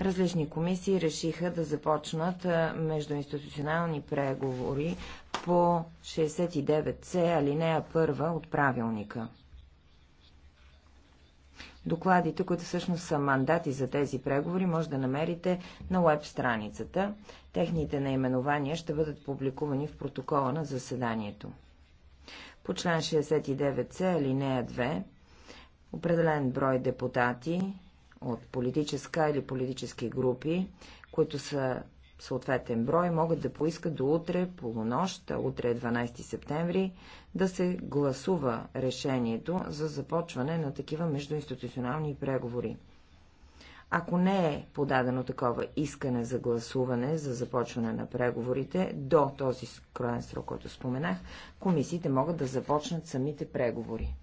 Различни комисии решиха да започнат междуинституционални преговори по 69C алинея 1 от правилника. Докладите, които всъщност са мандати за тези преговори, може да намерите на веб страницата. Техните наименования ще бъдат публикувани в протокола на заседанието. По член 69C, алинея 2, определен брой депутати от политическа или политически групи, които са съответен брой, могат да поискат до утре, полунощ, утре 12 е септември, да се гласува решението за започване на такива междуинституционални преговори. Ако не е подадено такова искане за гласуване за започване на преговорите до този кроен срок, който споменах, комисиите могат да започнат самите преговори.